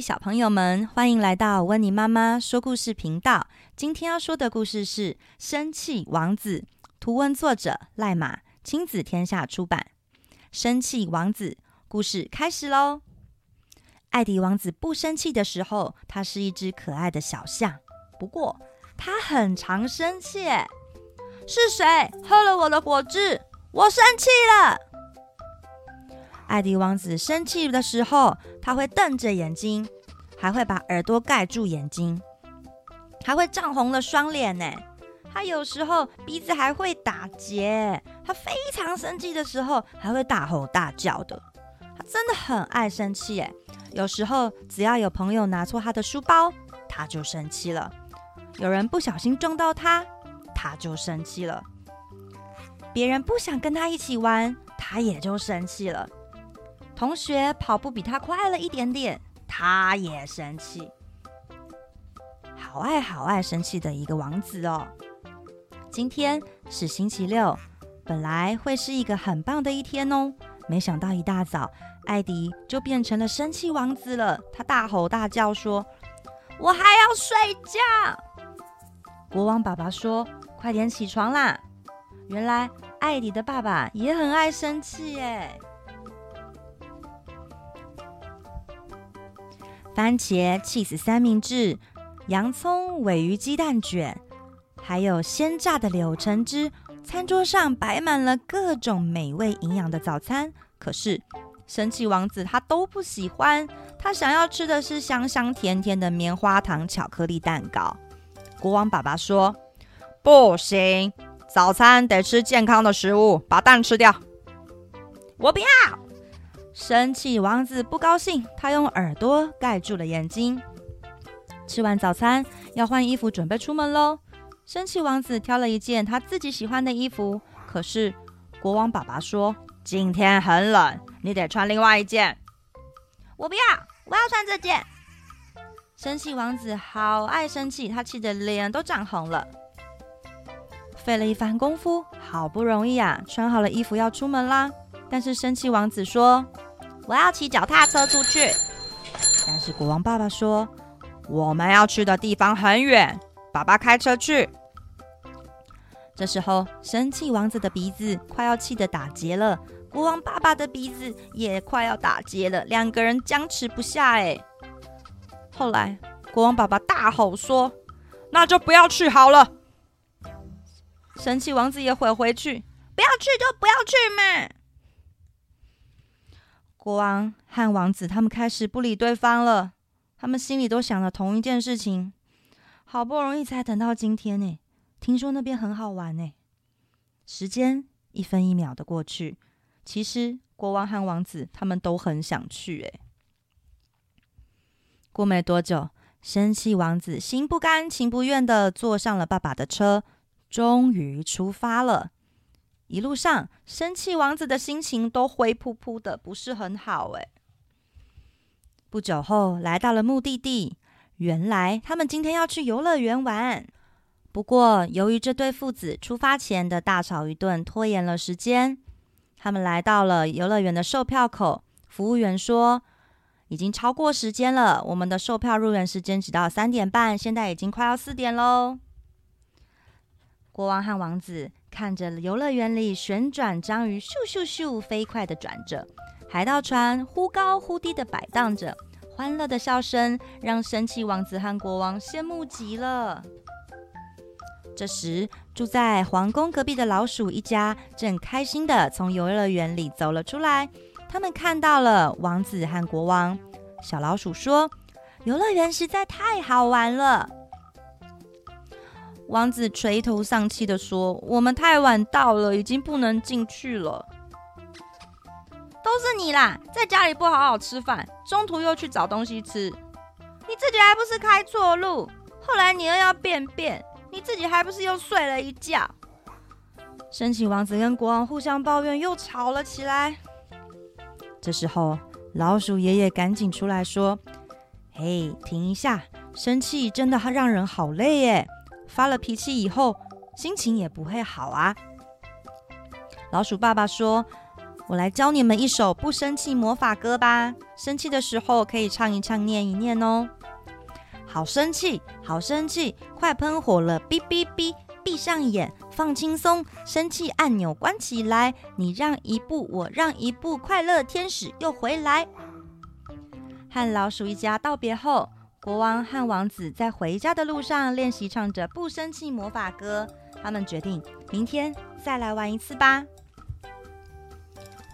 小朋友們，歡迎來到溫妮媽媽說故事頻道。今天要說的故事是《生氣王子》，圖文作者賴馬，親子天下出版。《生氣王子》故事開始嘍！艾迪王子不生氣的時候，他是一隻可愛的小象。不過，他很常生氣。是誰喝了我的果汁？我生氣了！艾迪王子生氣的時候，他會瞪着眼睛，還會把耳朵蓋住眼睛，還會漲紅了雙臉呢。他有時候鼻子還會打結。他非常生氣的時候，還會大吼大叫的。他真的很愛生氣耶。有時候只要有朋友拿錯他的書包，他就生氣了；有人不小心撞到他，他就生氣了；別人不想跟他一起玩，他也就生氣了。同學跑步比他快了一點點，他也生氣。好愛好愛生氣的一個王子哦。今天是星期六，本來會是一個很棒的一天哦，沒想到一大早，艾迪就變成了生氣王子了。他大吼大叫說：“我還要睡覺！”國王爸爸說：“快點起床啦！”原來艾迪的爸爸也很愛生氣誒。番茄 c h 三明治、洋蔥尾魚雞蛋卷，還有鮮榨的柳橙汁。餐桌上擺滿了各種美味營養的早餐，可是神奇王子他都不喜歡。他想要吃的是香香甜甜的棉花糖巧克力蛋糕。國王爸爸說：“不行，早餐得吃健康的食物，把蛋吃掉。”我不要。生氣王子不高興，他用耳朵蓋住了眼睛。吃完早餐，要換衣服準備出門嘍。生氣王子挑了一件他自己喜歡的衣服，可是國王爸爸說：“今天很冷，你得穿另外一件。”我不要，我要穿這件。生氣王子好愛生氣，他氣得臉都漲紅了。費了一番功夫，好不容易呀，穿好了衣服要出門啦。但是生氣王子說，我要騎腳踏車出去，但是國王爸爸說我們要去的地方很遠，爸爸開車去。這時候，生氣王子的鼻子快要氣得打結了，國王爸爸的鼻子也快要打結了，兩個人僵持不下。誒，後來國王爸爸大吼說：“那就不要去好了。”生氣王子也回回去：“不要去就不要去嘛。”國王和王子他們開始不理對方了，他們心裡都想了同一件事情，好不容易才等到今天呢。聽說那邊很好玩呢。時間一分一秒的過去，其實國王和王子他們都很想去哎。過沒多久，生氣王子心不甘情不願的坐上了爸爸的車，終於出發了。一路上，生氣王子的心情都灰撲撲的，不是很好哎、欸。不久後來到了目的地，原來他們今天要去遊樂園玩。不過，由於這對父子出發前的大吵一頓，拖延了時間。他們來到了遊樂園的售票口，服務員說：“已經超過時間了，我們的售票入園時間只到三點半，現在已經快要四點嘍。”國王和王子。看着遊樂園裡旋轉章魚咻咻咻咻飛快的轉着，海盜船忽高忽低的擺盪着，歡樂的笑聲讓生氣王子和國王羨慕極了。這時，住在皇宮隔壁的老鼠一家正開心地從遊樂園裡走了出來，他們看到了王子和國王。小老鼠說：“遊樂園實在太好玩了。”王子垂頭喪氣的說：“我們太晚到了，已經不能進去了。都是你啦，在家裡不好好吃飯，中途又去找東西吃，你自己還不是開錯路？後來你又要便便，你自己還不是又睡了一覺？生氣王子跟國王互相抱怨，又吵了起來。這時候，老鼠爺爺趕緊出來說：‘嘿，停一下，生氣真的讓人好累耶。’”發了脾氣以後，心情也不會好啊。老鼠爸爸說：“我來教你們一首不生氣魔法歌吧，生氣的時候可以唱一唱、念一念哦。”好生氣，好生氣，快噴火了！嗶嗶嗶，閉上眼，放輕鬆，生氣按鈕關起來。你讓一步，我讓一步，快樂天使又回來。和老鼠一家道別後。國王和王子在回家的路上練習唱着不生氣魔法歌。他們決定明天再來玩一次吧。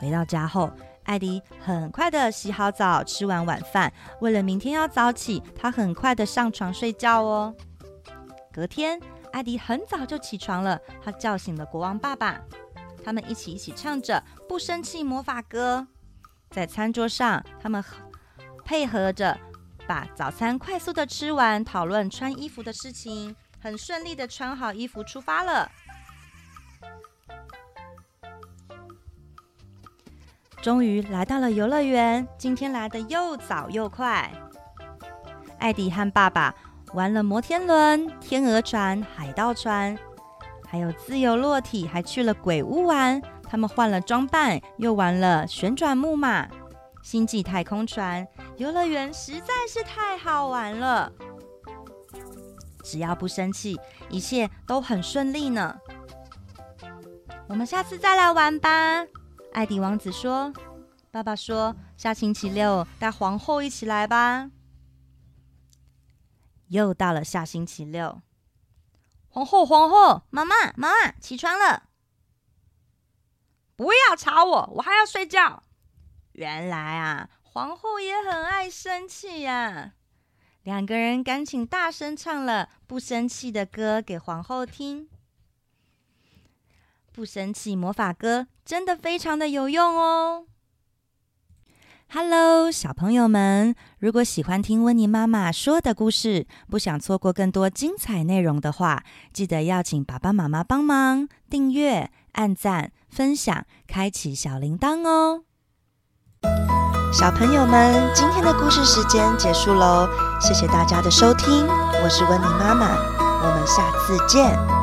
回到家後，艾迪很快的洗好澡，吃完晚飯。為了明天要早起，他很快的上床睡覺哦。隔天，艾迪很早就起床了，他叫醒了國王爸爸。他們一起一起唱着不生氣魔法歌。在餐桌上，他們配合着。把早餐快速地吃完，討論穿衣服的事情，很順利地穿好衣服出發了。終於來到了遊樂園，今天來得又早又快。艾迪和爸爸玩了摩天輪、天鵝船、海盜船，還有自由落體，還去了鬼屋玩。他們換了裝扮，又玩了旋轉木馬、星際太空船。遊樂園實在是太好玩了，只要不生氣，一切都很順利呢。我們下次再來玩吧。艾迪王子說：“爸爸說下星期六帶皇後一起來吧。”又到了下星期六，皇後，皇後，媽媽，媽媽，起床了！不要吵我，我還要睡覺。原來啊。皇後也很愛生氣呀。兩個人趕緊大聲唱了不生氣的歌給皇后聽。不生氣魔法歌真的非常的有用哦。Hello，小朋友們，如果喜歡聽溫妮媽媽說的故事，不想錯過更多精彩內容的話，記得要請爸爸媽媽幫忙訂閱、按讚、分享、開啟小鈴鐺哦。小朋友們，今天的故事時間結束嘍，謝謝大家的收聽，我是溫妮媽媽，我們下次見。